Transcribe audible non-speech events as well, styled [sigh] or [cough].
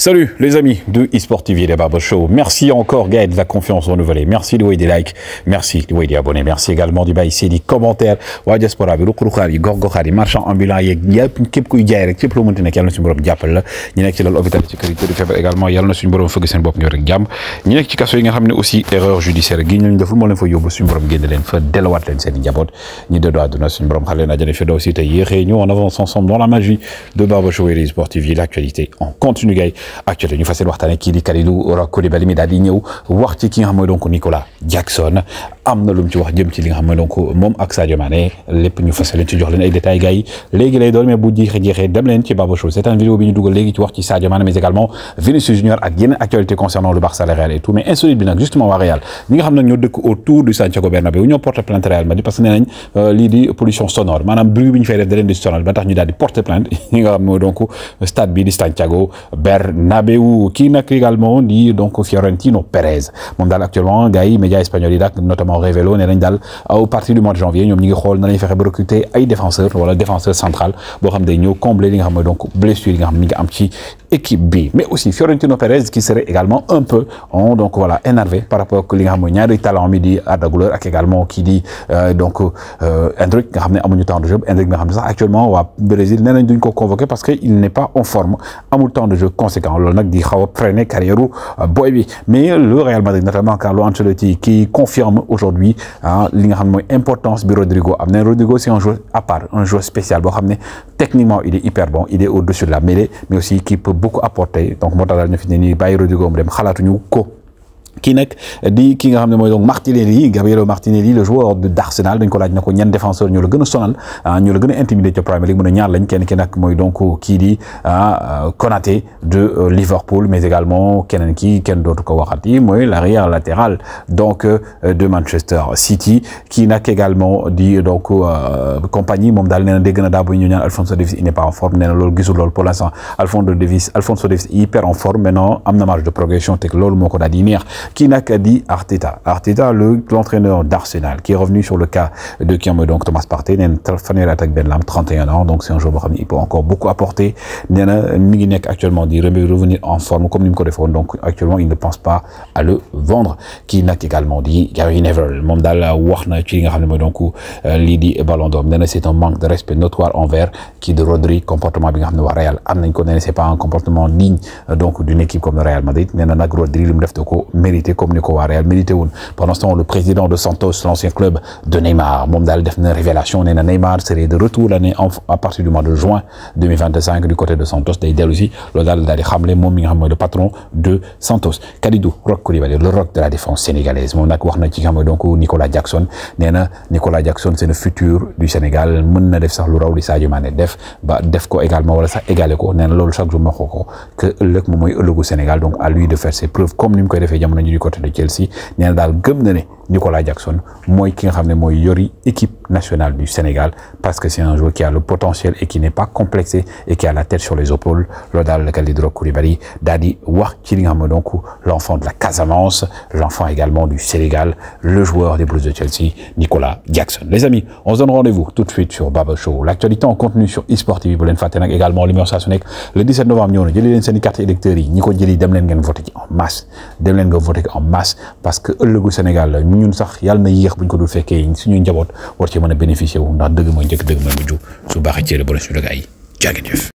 Salut les amis de eSport eSportivier la Barbe Show. Merci encore Gaël de la confiance renouvelée. Merci de vous des likes. Merci de vous des abonnés. Merci également du bail ici, des commentaires. Wa diaspora bi rukk rukaari gox goxaari marchand ambulant yeeg yëpp képp kuy jaay rek képp loo mënti nekk yàlla na suñu borom jàppal la ñi nek ci loolu hôpital ci kër yi tëdd également yalla na suñu borom fëgg seen bop ñoo rek jàmm ñi nek ci kasso yi nga xam aussi erreur judiciaire gi ñu deful mo leen fa yobbu suñu borom génn leen fa delluwaat leen seen njaboot ñi de dëddu àdduna suñu borom xale na jëne fi daw si te yéexee ñu on avance ensemble dans la magie de Barbe Show et eSport TV l'actualité en continu Gaël actuel ñu fas yéene waxtaanee kii di Kalidou Koulibaly mi daal di ñëw wax ci amna na lu ci wax jëm ci li nga xamné donc mom ak Sadio Mané lépp ñu fas ci jox leen ay détails gaay légui lay doon mais bu jeexee jeexee dem leen ci Baba Show un vidéo bi ñu duggal légui ci wax ci Sadio Mané mais également Vinicius Junior ak yeneen actualité concernant le Barça le Real et tout mais insolite bi nak justement wa Real ñi nga xamné ñoo dëkk autour du Santiago Bernabéu ñoo porter plainte Real Madrid parce que nee euh, li di pollution sonore manam bruit bi ñu fay def da leen di sonal ba tax ñu daal di plainte [laughs] ñi nga xamné donc stade bi di Santiago Bernabéu ki nak également di donc Fiorentino Pérez moom actuellement gaay média espagnol yi nak notamment on révélo ne nañ au partir du mois de janvier ñom ñi ngi xol na lañ fexe ba recruter ay défenseur wala défenseur central bo xam day ñëw combler li nga xam donc blessure yi nga xam ne am ci équipe B mais aussi Fiorentino Perez qui serait également un peu oh, donc voilà énervé par rapport à li nga xam ne dit talent midi qui Arda Güler qui également qui dit euh, donc euh, Endrick nga xam amuñu temps de jeu nga ça. actuellement waa Brésil nee duñ ko convoqué parce qu'il n'est pas en forme amul temps de jeu conséquent On nak di xawa a freiner carrière euh, mais le Real Madrid notamment Carlo Ancelotti qui confirme aujourd'hui hein, l'importance de Rodrigo Rodrigo c'est un joueur à part un joueur spécial techniquement il est hyper bon il est au-dessus de la mêlée mais aussi qui peut beaucoup apporté donc moo tax daal ñu fi ne nii bàyyi Rodrigo mu dem xalaatuñu ko. Qui nak di ki nga xam moy donc Martinelli Gabriel Martinelli le joueur de d'Arsenal dañ ko laaj na ko ñan défenseur ñu la gëna sonal ah, ñu la gëna intimider ci Premier League mu ne ñaar lañ kenn ki nak moy donc ki di ah, euh, Konaté de euh, Liverpool mais également kenen ki kenn dootu ko waxati moy l'arrière latéral donc euh, de Manchester City qui nak également di donc compagnie mom dal nee na dégg na da bu ñu ñaan Alphonso Davies il n'est pas en forme nee lool loolu gisul loolu pour l'instant Alphonso Davies Alphonso Davies hyper en forme maintenant am marge de progression te lool moko da di qui n'a dit Arteta. Arteta, l'entraîneur le, d'Arsenal, qui est revenu sur le cas de Kiamé, donc Thomas Partey, Fanel attaque Benlam, 31 ans, donc c'est un joueur qui peut encore beaucoup apporter. Miguinek actuellement dit revenir en forme comme Nimkodefon, donc actuellement il ne pense pas à le vendre. Qui n'a également dit Gary Neville, Mondala Warna, donc euh, Lidi Ballon d'Or. C'est un manque de respect notoire envers qui de Rodri, comportement bien Real. Ce c'est pas un comportement digne euh, donc d'une équipe comme le Real Madrid. Rodri, il me comme ni ko Real mérité pendant ce temps le président de Santos l'ancien club de Neymar Mondal, daal def na révélation Neymar serait de retour l'année à partir du mois de juin 2025 du côté de Santos D'ailleurs aussi le dal daal daal mon le patron de Santos Kalidou Rock Koulibaly le rock de la défense sénégalaise monaco nag donc Nicolas Jackson nee Nicolas Jackson c'est le futur du Sénégal Mon na def sax lu raw li Sadio Mané def ba def ko également wala sax égalé ko nee na chaque jour que le Sénégal donc à lui de faire ses preuves comme nous mu koy du côté de Chelsea Nicolas Jackson mooy ki nga yori équipe nationale du Sénégal parce que c'est un joueur qui a le potentiel et qui n'est pas complexé et qui a la tête sur les épaules l'enfant de la Casamance l'enfant également du Sénégal le joueur des Blues de Chelsea Nicolas Jackson les amis on se donne rendez-vous tout de suite sur Baba Show l'actualité en contenu sur eSport TV bu Fatena également l'émission mu le 17 novembre ñëw na jëli leen seen i carte électeurs yi dem voté ci en masse dem voté en masse parce que ëllëgu Sénégal la ñun sax yàlla na yéex bu ñu ko dul fekkee suñu njaboot war ci mën a bénéficier wu ndax dëgg mooy njëkk dëgg mooy mujj su baaxee cee la boole suñu dëgg ay jaa